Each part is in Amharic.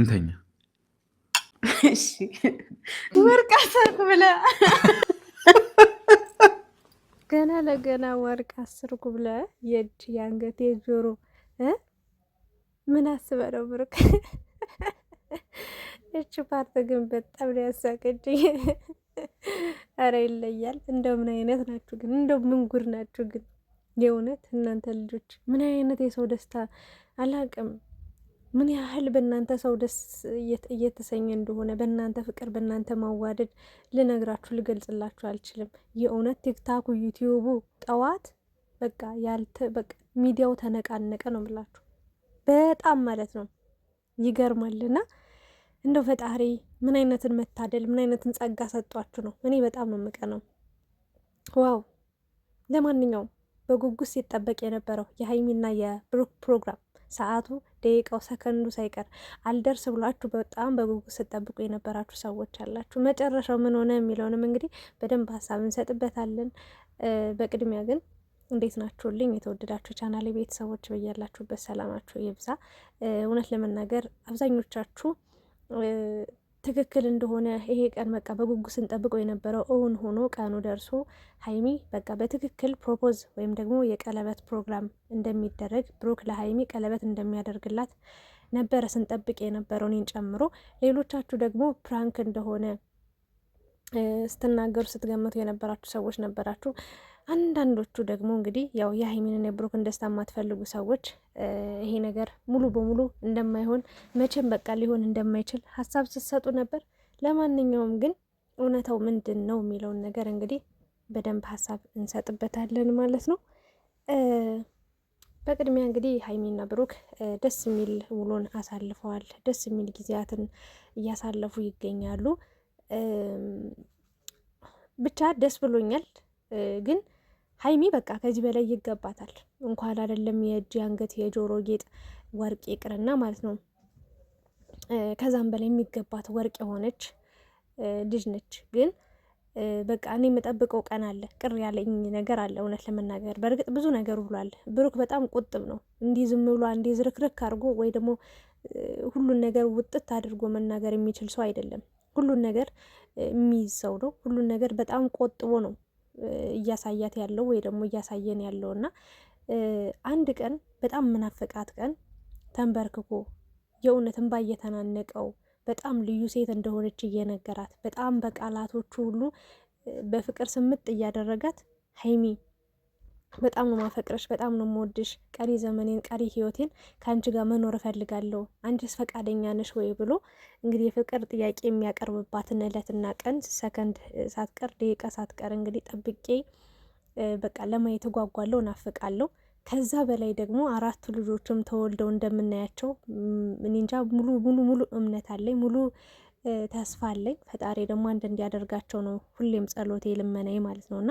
እንተኛ ገና ለገና ወርቅ አስርኩ ብለ የእጅ የአንገት የጆሮ ምን አስበለው ነው ብሩክ? እች ፓርት ግን በጣም ነው ያሳቀችኝ። አረ ይለያል። እንደው ምን አይነት ናችሁ ግን? እንደው ምን ጉድ ናችሁ ግን? የእውነት እናንተ ልጆች ምን አይነት የሰው ደስታ አላቅም። ምን ያህል በእናንተ ሰው ደስ እየተሰኘ እንደሆነ በእናንተ ፍቅር፣ በእናንተ ማዋደድ ልነግራችሁ ልገልጽላችሁ አልችልም። የእውነት ቲክታኩ ዩቲዩቡ ጠዋት በቃ ያልተ በቃ ሚዲያው ተነቃነቀ ነው ምላችሁ። በጣም ማለት ነው። ይገርማልና እንደው ፈጣሪ ምን አይነትን መታደል ምን አይነትን ጸጋ ሰጧችሁ ነው። እኔ በጣም ነው የምቀነው። ዋው! ለማንኛውም በጉጉስ ሲጠበቅ የነበረው የሀይሚና የብሩክ ፕሮግራም ሰዓቱ፣ ደቂቃው፣ ሰከንዱ ሳይቀር አልደርስ ብሏችሁ በጣም በጉጉት ስጠብቁ የነበራችሁ ሰዎች አላችሁ። መጨረሻው ምን ሆነ የሚለውንም እንግዲህ በደንብ ሀሳብ እንሰጥበታለን። በቅድሚያ ግን እንዴት ናችሁልኝ? የተወደዳችሁ ቻናል ቤተሰቦች በያላችሁበት ሰላማችሁ ይብዛ። እውነት ለመናገር አብዛኞቻችሁ ትክክል እንደሆነ ይሄ ቀን በቃ በጉጉ ስንጠብቀው የነበረው እውን ሆኖ ቀኑ ደርሶ ሀይሚ በቃ በትክክል ፕሮፖዝ ወይም ደግሞ የቀለበት ፕሮግራም እንደሚደረግ ብሩክ ለሀይሚ ቀለበት እንደሚያደርግላት ነበረ ስንጠብቅ የነበረው እኔን ጨምሮ። ሌሎቻችሁ ደግሞ ፕራንክ እንደሆነ ስትናገሩ ስትገምቱ የነበራችሁ ሰዎች ነበራችሁ። አንዳንዶቹ ደግሞ እንግዲህ ያው የሀይሚንና የብሩክን ደስታ የማትፈልጉ ሰዎች ይሄ ነገር ሙሉ በሙሉ እንደማይሆን መቼም በቃ ሊሆን እንደማይችል ሀሳብ ስትሰጡ ነበር። ለማንኛውም ግን እውነታው ምንድን ነው የሚለውን ነገር እንግዲህ በደንብ ሀሳብ እንሰጥበታለን ማለት ነው። በቅድሚያ እንግዲህ ሀይሚና ብሩክ ደስ የሚል ውሎን አሳልፈዋል። ደስ የሚል ጊዜያትን እያሳለፉ ይገኛሉ። ብቻ ደስ ብሎኛል ግን ሀይሚ በቃ ከዚህ በላይ ይገባታል። እንኳን አይደለም የእጅ የአንገት፣ የጆሮ ጌጥ ወርቅ ይቅርና ማለት ነው ከዛም በላይ የሚገባት ወርቅ የሆነች ልጅ ነች። ግን በቃ እኔ የምጠብቀው ቀን አለ። ቅር ያለኝ ነገር አለ እውነት ለመናገር በእርግጥ ብዙ ነገር ብሏል ብሩክ። በጣም ቁጥብ ነው። እንዲህ ዝም ብሎ እንዲህ ዝርክርክ አድርጎ ወይ ደግሞ ሁሉን ነገር ውጥት አድርጎ መናገር የሚችል ሰው አይደለም። ሁሉን ነገር የሚይዝ ሰው ነው። ሁሉን ነገር በጣም ቆጥቦ ነው እያሳያት ያለው ወይ ደግሞ እያሳየን ያለው እና አንድ ቀን በጣም ምናፈቃት ቀን ተንበርክኮ የእውነት እንባ እየተናነቀው በጣም ልዩ ሴት እንደሆነች እየነገራት በጣም በቃላቶቹ ሁሉ በፍቅር ስምጥ እያደረጋት ሀይሚ በጣም ነው ማፈቅረሽ፣ በጣም ነው የምወድሽ፣ ቀሪ ዘመኔን ቀሪ ህይወቴን ከአንቺ ጋር መኖር እፈልጋለሁ፣ አንቺስ ፈቃደኛ ነሽ ወይ ብሎ እንግዲህ የፍቅር ጥያቄ የሚያቀርብባትን እለትና ቀን ሰከንድ ሳትቀር ደቂቃ ሳትቀር እንግዲህ ጠብቄ በቃ ለማየት ጓጓለሁ፣ እናፍቃለሁ። ከዛ በላይ ደግሞ አራቱ ልጆችም ተወልደው እንደምናያቸው እኔ እንጃ ሙሉ ሙሉ ሙሉ እምነት አለኝ፣ ሙሉ ተስፋ አለኝ። ፈጣሪ ደግሞ አንድ እንዲያደርጋቸው ነው ሁሌም ጸሎቴ ልመናዬ ማለት ነውና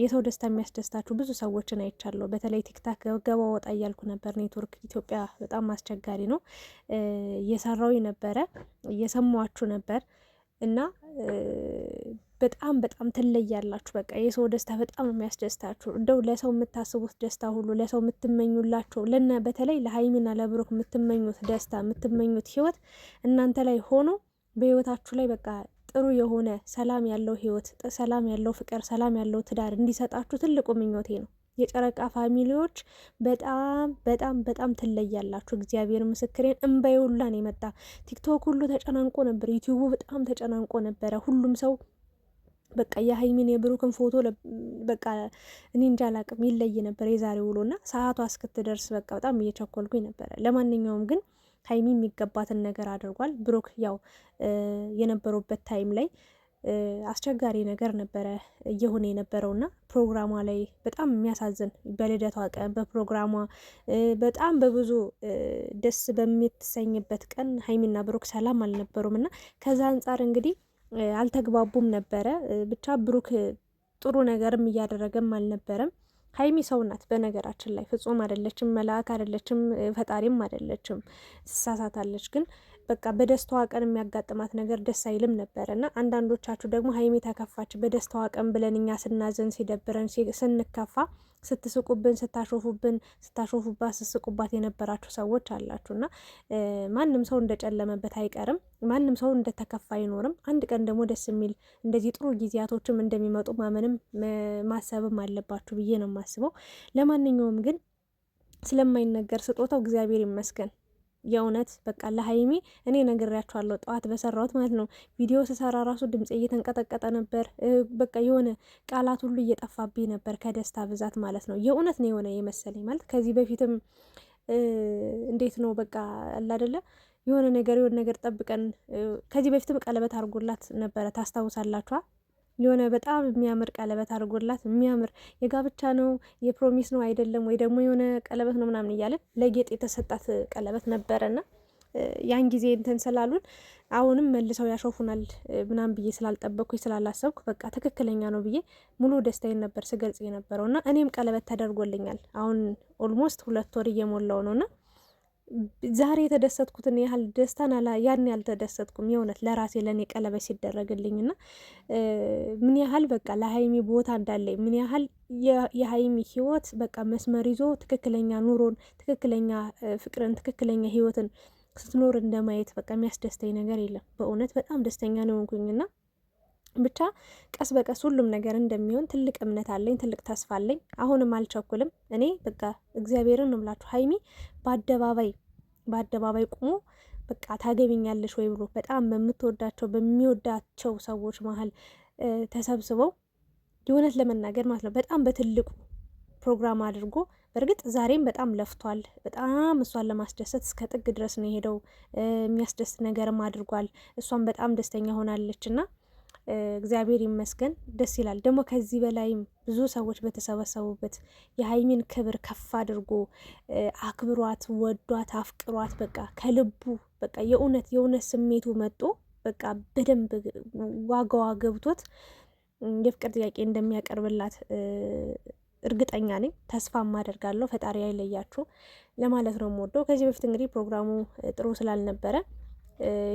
የሰው ደስታ የሚያስደስታችሁ ብዙ ሰዎችን አይቻለሁ። በተለይ ቲክታክ ገባ ወጣ እያልኩ ነበር። ኔትወርክ ኢትዮጵያ በጣም አስቸጋሪ ነው። እየሰራው ነበረ፣ እየሰማችሁ ነበር እና በጣም በጣም ትለያላችሁ። በቃ የሰው ደስታ በጣም የሚያስደስታችሁ። እንደው ለሰው የምታስቡት ደስታ ሁሉ ለሰው የምትመኙላቸው ለነ በተለይ ለሀይሚና ለብሩክ የምትመኙት ደስታ የምትመኙት ህይወት እናንተ ላይ ሆኖ በህይወታችሁ ላይ በቃ ጥሩ የሆነ ሰላም ያለው ህይወት፣ ሰላም ያለው ፍቅር፣ ሰላም ያለው ትዳር እንዲሰጣችሁ ትልቁ ምኞቴ ነው። የጨረቃ ፋሚሊዎች በጣም በጣም በጣም ትለያላችሁ። እግዚአብሔር ምስክሬን እምባዬ የመጣ ቲክቶክ ሁሉ ተጨናንቆ ነበር። ዩቲዩቡ በጣም ተጨናንቆ ነበረ። ሁሉም ሰው በቃ የሀይሚን የብሩክን ፎቶ በቃ እኔ እንጃ አላቅም ይለይ ነበር የዛሬ ውሎና ሰዓቷ እስክትደርስ በቃ በጣም እየቸኮልኩኝ ነበረ። ለማንኛውም ግን ሀይሚ የሚገባትን ነገር አድርጓል። ብሩክ ያው የነበሩበት ታይም ላይ አስቸጋሪ ነገር ነበረ እየሆነ የነበረውና ፕሮግራሟ ላይ በጣም የሚያሳዝን በልደቷ ቀን በፕሮግራሟ በጣም በብዙ ደስ በምትሰኝበት ቀን ሀይሚና ብሩክ ሰላም አልነበሩም እና ከዛ አንጻር እንግዲህ አልተግባቡም ነበረ። ብቻ ብሩክ ጥሩ ነገርም እያደረገም አልነበረም። ሀይሚ ሰው ናት። በነገራችን ላይ ፍጹም አይደለችም፣ መልአክ አይደለችም፣ ፈጣሪም አይደለችም። ትሳሳታለች። ግን በቃ በደስታዋ ቀን የሚያጋጥማት ነገር ደስ አይልም ነበር እና አንዳንዶቻችሁ ደግሞ ሀይሚ ተከፋች፣ በደስታዋ ቀን ብለን እኛ ስናዘን፣ ሲደብረን፣ ስንከፋ ስትስቁብን፣ ስታሾፉብን፣ ስታሾፉባት፣ ስትስቁባት የነበራችሁ ሰዎች አላችሁ እና ማንም ሰው እንደጨለመበት አይቀርም። ማንም ሰው እንደተከፋ አይኖርም። አንድ ቀን ደግሞ ደስ የሚል እንደዚህ ጥሩ ጊዜያቶችም እንደሚመጡ ማመንም ማሰብም አለባችሁ ብዬ ነው የማስበው። ለማንኛውም ግን ስለማይነገር ስጦታው እግዚአብሔር ይመስገን። የእውነት በቃ ለሀይሚ እኔ ነግሬያቸዋለሁ። ጠዋት በሰራሁት ማለት ነው ቪዲዮ ስሰራ ራሱ ድምፄ እየተንቀጠቀጠ ነበር። በቃ የሆነ ቃላት ሁሉ እየጠፋብኝ ነበር ከደስታ ብዛት ማለት ነው። የእውነት ነው የሆነ የመሰለኝ ማለት ከዚህ በፊትም እንዴት ነው በቃ አላደለ የሆነ ነገር የሆነ ነገር ጠብቀን ከዚህ በፊትም ቀለበት አድርጎላት ነበረ ታስታውሳላችኋ የሆነ በጣም የሚያምር ቀለበት አድርጎላት የሚያምር የጋብቻ ነው የፕሮሚስ ነው አይደለም ወይ ደግሞ የሆነ ቀለበት ነው ምናምን እያለን ለጌጥ የተሰጣት ቀለበት ነበረና ያን ጊዜ እንትን ስላሉን አሁንም መልሰው ያሾፉናል ምናም ብዬ ስላልጠበቅኩኝ ስላላሰብኩ በቃ ትክክለኛ ነው ብዬ ሙሉ ደስታዬን ነበር ስገልጽ የነበረው እና እኔም ቀለበት ተደርጎልኛል። አሁን ኦልሞስት ሁለት ወር እየሞላው ነው እና ዛሬ የተደሰትኩትን ያህል ደስታን ያን ያልተደሰትኩም የእውነት ለራሴ ለእኔ ቀለበት ሲደረግልኝና ምን ያህል በቃ ለሀይሚ ቦታ እንዳለኝ ምን ያህል የሀይሚ ህይወት በቃ መስመር ይዞ ትክክለኛ ኑሮን፣ ትክክለኛ ፍቅርን፣ ትክክለኛ ህይወትን ስትኖር እንደማየት በቃ የሚያስደስተኝ ነገር የለም። በእውነት በጣም ደስተኛ ነው ሆንኩኝና ብቻ ቀስ በቀስ ሁሉም ነገር እንደሚሆን ትልቅ እምነት አለኝ፣ ትልቅ ተስፋ አለኝ። አሁንም አልቸኩልም። እኔ በቃ እግዚአብሔርን ነው የምላችሁ። ሀይሚ በአደባባይ በአደባባይ ቁሞ በቃ ታገቢኛለሽ ወይ ብሎ በጣም በምትወዳቸው በሚወዳቸው ሰዎች መሀል ተሰብስበው የእውነት ለመናገር ማለት ነው በጣም በትልቁ ፕሮግራም አድርጎ በእርግጥ ዛሬም በጣም ለፍቷል። በጣም እሷን ለማስደሰት እስከ ጥግ ድረስ ነው የሄደው። የሚያስደስት ነገርም አድርጓል። እሷም በጣም ደስተኛ ሆናለች እና እግዚአብሔር ይመስገን ደስ ይላል። ደግሞ ከዚህ በላይም ብዙ ሰዎች በተሰበሰቡበት የሀይሚን ክብር ከፍ አድርጎ አክብሯት፣ ወዷት፣ አፍቅሯት በቃ ከልቡ በቃ የእውነት የእውነት ስሜቱ መጦ በቃ በደንብ ዋጋዋ ገብቶት የፍቅር ጥያቄ እንደሚያቀርብላት እርግጠኛ ነኝ። ተስፋም አደርጋለሁ። ፈጣሪ አይለያችሁ ለማለት ነው የምወደው። ከዚህ በፊት እንግዲህ ፕሮግራሙ ጥሩ ስላልነበረ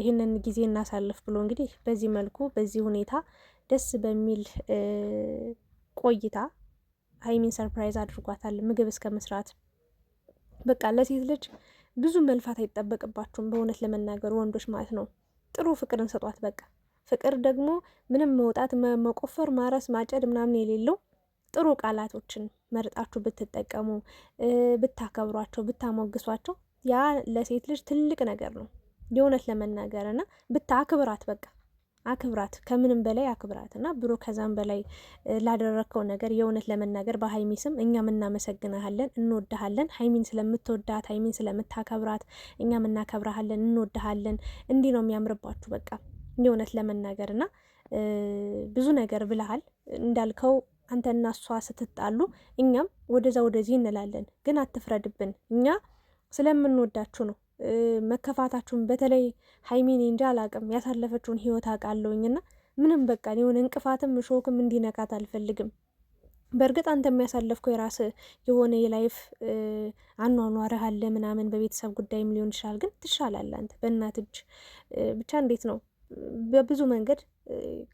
ይህንን ጊዜ እናሳልፍ ብሎ እንግዲህ በዚህ መልኩ በዚህ ሁኔታ ደስ በሚል ቆይታ ሀይሚን ሰርፕራይዝ አድርጓታል። ምግብ እስከ መስራት በቃ ለሴት ልጅ ብዙ መልፋት አይጠበቅባችሁም። በእውነት ለመናገር ወንዶች ማለት ነው ጥሩ ፍቅርን ሰጧት። በቃ ፍቅር ደግሞ ምንም መውጣት፣ መቆፈር፣ ማረስ፣ ማጨድ ምናምን የሌለው ጥሩ ቃላቶችን መርጣችሁ ብትጠቀሙ፣ ብታከብሯቸው፣ ብታሞግሷቸው ያ ለሴት ልጅ ትልቅ ነገር ነው። የእውነት ለመናገር ና ብታ አክብራት በቃ አክብራት ከምንም በላይ አክብራት እና ብሮ ከዛም በላይ ላደረግከው ነገር የእውነት ለመናገር በሀይሚ ስም እኛም እናመሰግናሃለን፣ እንወድሃለን። ሀይሚን ስለምትወዳት ሀይሚን ስለምታከብራት እኛም እናከብረሃለን፣ እንወድሃለን። እንዲህ ነው የሚያምርባችሁ በቃ የእውነት ለመናገር እና ብዙ ነገር ብለሃል እንዳልከው አንተና እሷ ስትጣሉ እኛም ወደዛ ወደዚህ እንላለን፣ ግን አትፍረድብን። እኛ ስለምንወዳችሁ ነው መከፋታችሁን በተለይ ሀይሜን እንጂ አላቅም ያሳለፈችውን ህይወት አውቃለሁኝና ምንም በቃ ሊሆን እንቅፋትም እሾክም እንዲነካት አልፈልግም። በእርግጥ አንተ የሚያሳለፍኩ የራስ የሆነ የላይፍ አኗኗርህ አለ ምናምን በቤተሰብ ጉዳይም ሊሆን ይችላል። ግን ትሻላለህ አንተ በእናት እጅ ብቻ እንዴት ነው በብዙ መንገድ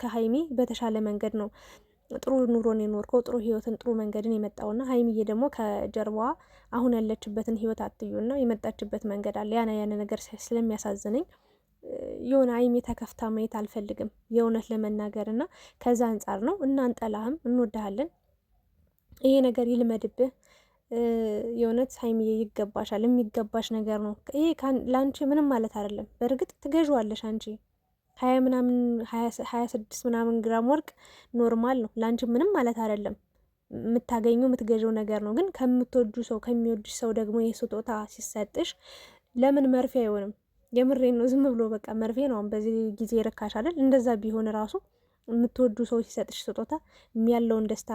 ከሀይሚ በተሻለ መንገድ ነው ጥሩ ኑሮን የኖርከው ጥሩ ህይወትን ጥሩ መንገድን የመጣውና ሀይሚዬ ደግሞ ከጀርባዋ አሁን ያለችበትን ህይወት አትዩና የመጣችበት መንገድ አለ። ያና ያን ነገር ስለሚያሳዝነኝ የሆነ ሀይሚ ተከፍታ ማየት አልፈልግም የእውነት ለመናገር እና ከዛ አንጻር ነው። እናንጠላህም፣ እንወዳሃለን። ይሄ ነገር ይልመድብህ። የእውነት ሀይሚዬ ይገባሻል፣ የሚገባሽ ነገር ነው። ይሄ ለአንቺ ምንም ማለት አይደለም። በእርግጥ ትገዥዋለሽ አንቺ ሀያ ምናምን ሀያ ስድስት ምናምን ግራም ወርቅ ኖርማል ነው። ለአንቺ ምንም ማለት አይደለም። የምታገኙ የምትገዥው ነገር ነው። ግን ከምትወዱ ሰው ከሚወድሽ ሰው ደግሞ የስጦታ ሲሰጥሽ ለምን መርፌ አይሆንም? የምሬ ነው። ዝም ብሎ በቃ መርፌ ነው። በዚህ ጊዜ ርካሽ አይደል? እንደዛ ቢሆን ራሱ የምትወዱ ሰው ሲሰጥሽ ስጦታ ያለውን ደስታ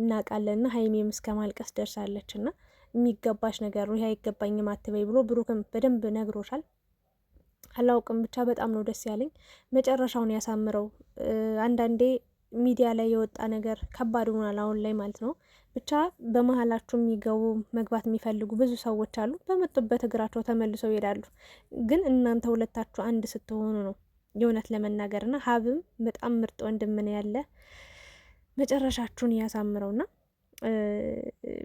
እናውቃለንና ሀይሜም እስከ ማልቀስ ደርሳለች። እና የሚገባሽ ነገር ነው ይህ አይገባኝም አትበይ ብሎ ብሩክም በደንብ ነግሮሻል። አላውቅም ብቻ በጣም ነው ደስ ያለኝ። መጨረሻውን ያሳምረው። አንዳንዴ ሚዲያ ላይ የወጣ ነገር ከባድ ሆኗል አሁን ላይ ማለት ነው። ብቻ በመሀላችሁ የሚገቡ መግባት የሚፈልጉ ብዙ ሰዎች አሉ። በመጡበት እግራቸው ተመልሰው ይሄዳሉ። ግን እናንተ ሁለታችሁ አንድ ስትሆኑ ነው የእውነት ለመናገር እና ሀብም በጣም ምርጥ ወንድም ያለ መጨረሻችሁን ና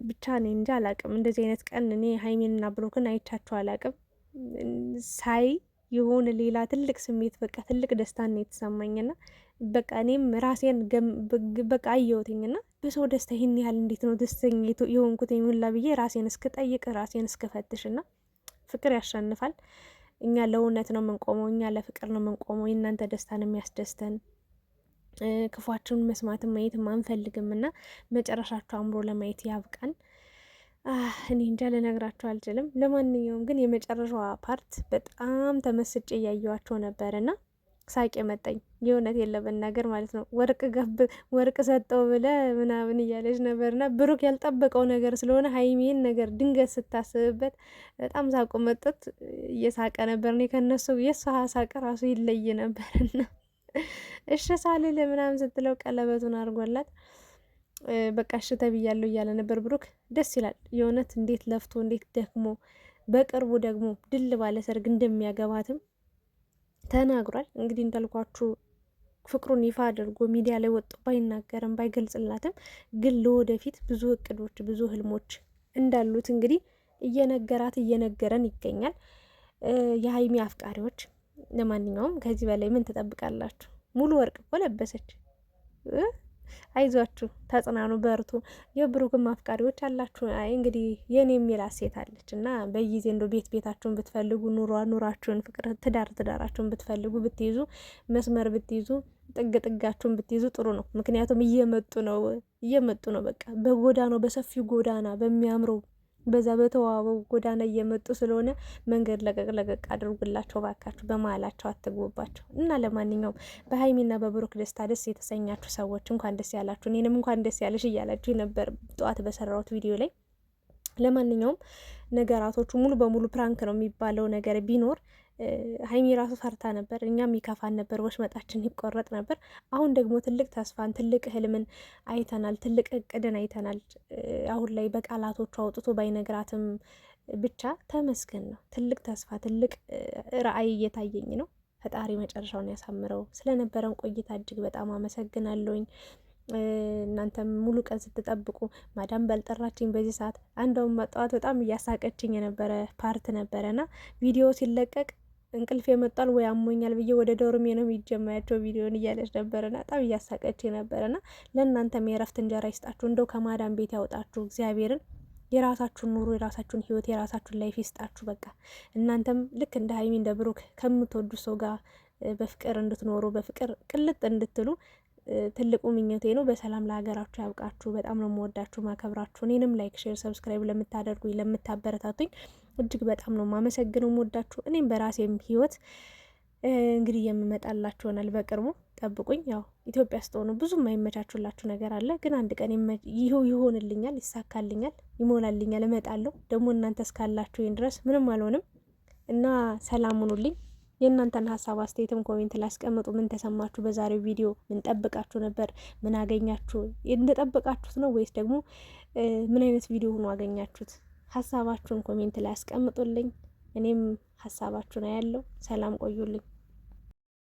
ብቻ እኔ እንጂ አላቅም። እንደዚህ አይነት ቀን እኔ ሀይሜንና ብሩክን አይቻችሁ አላቅም ሳይ የሆነ ሌላ ትልቅ ስሜት በቃ ትልቅ ደስታ ነው የተሰማኝና በቃ እኔም ራሴን በቃ አየሁትኝና በሰው ደስታ ይህን ያህል እንዴት ነው ደስተኛ የሆንኩት የሚላ ብዬ ራሴን እስክጠይቅ ራሴን እስክፈትሽና ፍቅር ያሸንፋል። እኛ ለእውነት ነው የምንቆመው፣ እኛ ለፍቅር ነው የምንቆመው። የእናንተ ደስታ ነው የሚያስደስተን። ክፏችሁን መስማትም ማየትም አንፈልግም እና መጨረሻችሁ አእምሮ ለማየት ያብቃን። እኔ እንጃ ልነግራቸው አልችልም። ለማንኛውም ግን የመጨረሻዋ ፓርት በጣም ተመስጬ እያየዋቸው ነበርና ሳቄ መጠኝ የእውነት የለብን ነገር ማለት ነው። ወርቅ ገብ ወርቅ ሰጠው ብለ ምናምን እያለች ነበርና ብሩክ ያልጠበቀው ነገር ስለሆነ ሀይሜን ነገር ድንገት ስታስብበት በጣም ሳቁ መጠት እየሳቀ ነበር። እኔ ከነሱ የሷ ሳቀ ራሱ ይለይ ነበርና እሺ ሳልል ምናምን ስትለው ቀለበቱን አድርጎላት በቃ እሺ ተብያለሁ እያለ ነበር ብሩክ። ደስ ይላል የእውነት እንዴት ለፍቶ እንዴት ደክሞ በቅርቡ ደግሞ ድል ባለ ሰርግ እንደሚያገባትም ተናግሯል። እንግዲህ እንዳልኳችሁ ፍቅሩን ይፋ አድርጎ ሚዲያ ላይ ወጥቶ ባይናገርም ባይገልጽላትም ግን ለወደፊት ብዙ እቅዶች ብዙ ህልሞች እንዳሉት እንግዲህ እየነገራት እየነገረን ይገኛል። የሀይሚ አፍቃሪዎች ለማንኛውም ከዚህ በላይ ምን ትጠብቃላችሁ? ሙሉ ወርቅ እኮ ለበሰች። አይዟችሁ፣ ተጽናኑ፣ በርቱ። የብሩክም አፍቃሪዎች አላችሁ። አይ እንግዲህ የኔ የሚላ ሴት አለች እና በጊዜ እንደው ቤት ቤታችሁን ብትፈልጉ ኑሯ ኑራችሁን፣ ፍቅር ትዳር ትዳራችሁን ብትፈልጉ ብትይዙ፣ መስመር ብትይዙ፣ ጥግ ጥጋችሁን ብትይዙ ጥሩ ነው። ምክንያቱም እየመጡ ነው እየመጡ ነው። በቃ በጎዳናው በሰፊው ጎዳና በሚያምረው በዛ በተዋበው ጎዳና እየመጡ ስለሆነ መንገድ ለቀቅ ለቀቅ አድርጉላቸው ባካችሁ፣ በመሀላቸው አትግቡባቸው። እና ለማንኛውም በሀይሚና በብሩክ ደስታ ደስ የተሰኛችሁ ሰዎች እንኳን ደስ ያላችሁ፣ እኔንም እንኳን ደስ ያለሽ እያላችሁ የነበር ጠዋት በሰራሁት ቪዲዮ ላይ። ለማንኛውም ነገራቶቹ ሙሉ በሙሉ ፕራንክ ነው የሚባለው ነገር ቢኖር ሀይሚ ራሱ ፈርታ ነበር፣ እኛም ይከፋን ነበር፣ ወሽመጣችን ይቆረጥ ነበር። አሁን ደግሞ ትልቅ ተስፋን ትልቅ ህልምን አይተናል፣ ትልቅ እቅድን አይተናል። አሁን ላይ በቃላቶቹ አውጥቶ ባይነግራትም ብቻ ተመስገን ነው። ትልቅ ተስፋ ትልቅ ራዕይ እየታየኝ ነው። ፈጣሪ መጨረሻውን ያሳምረው። ስለነበረን ቆይታ እጅግ በጣም አመሰግናለሁኝ። እናንተም ሙሉ ቀን ስትጠብቁ ማዳም ባልጠራችኝ በዚህ ሰዓት አንደውም ጠዋት በጣም እያሳቀችኝ የነበረ ፓርት ነበረና ቪዲዮ ሲለቀቅ እንቅልፍ የመጣል ወይ አሞኛል ብዬ ወደ ዶርሜ ነው የሚጀማያቸው ቪዲዮን እያለች ነበረና በጣም እያሳቀች ነበረና ለእናንተም የረፍት እንጀራ ይስጣችሁ፣ እንደው ከማዳን ቤት ያውጣችሁ እግዚአብሔርን የራሳችሁን ኑሮ የራሳችሁን ህይወት የራሳችሁን ላይፍ ይስጣችሁ። በቃ እናንተም ልክ እንደ ሀይሚ እንደ ብሩክ ከምትወዱ ሰው ጋር በፍቅር እንድትኖሩ በፍቅር ቅልጥ እንድትሉ ትልቁ ምኞቴ ነው። በሰላም ለሀገራችሁ ያብቃችሁ። በጣም ነው የምወዳችሁ ማከብራችሁ። እኔንም ላይክ፣ ሼር፣ ሰብስክራይብ ለምታደርጉኝ ለምታበረታቱኝ እጅግ በጣም ነው ማመሰግነው። ወዳችሁ እኔም በራሴም ህይወት እንግዲህ የምመጣላችሁ ይሆናል በቅርቡ ጠብቁኝ። ያው ኢትዮጵያ ስትሆኑ ሆኖ ብዙ የማይመቻችሁላችሁ ነገር አለ፣ ግን አንድ ቀን ይኸው ይሆንልኛል፣ ይሳካልኛል፣ ይሞላልኛል፣ እመጣለሁ። ደግሞ እናንተ ይህን ድረስ ምንም አልሆንም እና ሰላም ሁኑልኝ። የእናንተን ሀሳብ አስተያየትም ኮሜንት ላስቀምጡ። ምን ተሰማችሁ በዛሬው ቪዲዮ? ምን ጠብቃችሁ ነበር? ምን አገኛችሁ? እንደጠበቃችሁት ነው ወይስ ደግሞ ምን አይነት ቪዲዮ ሆኖ አገኛችሁት? ሀሳባችሁን ኮሜንት ላይ አስቀምጡልኝ። እኔም ሀሳባችሁን አያለው። ሰላም ቆዩልኝ።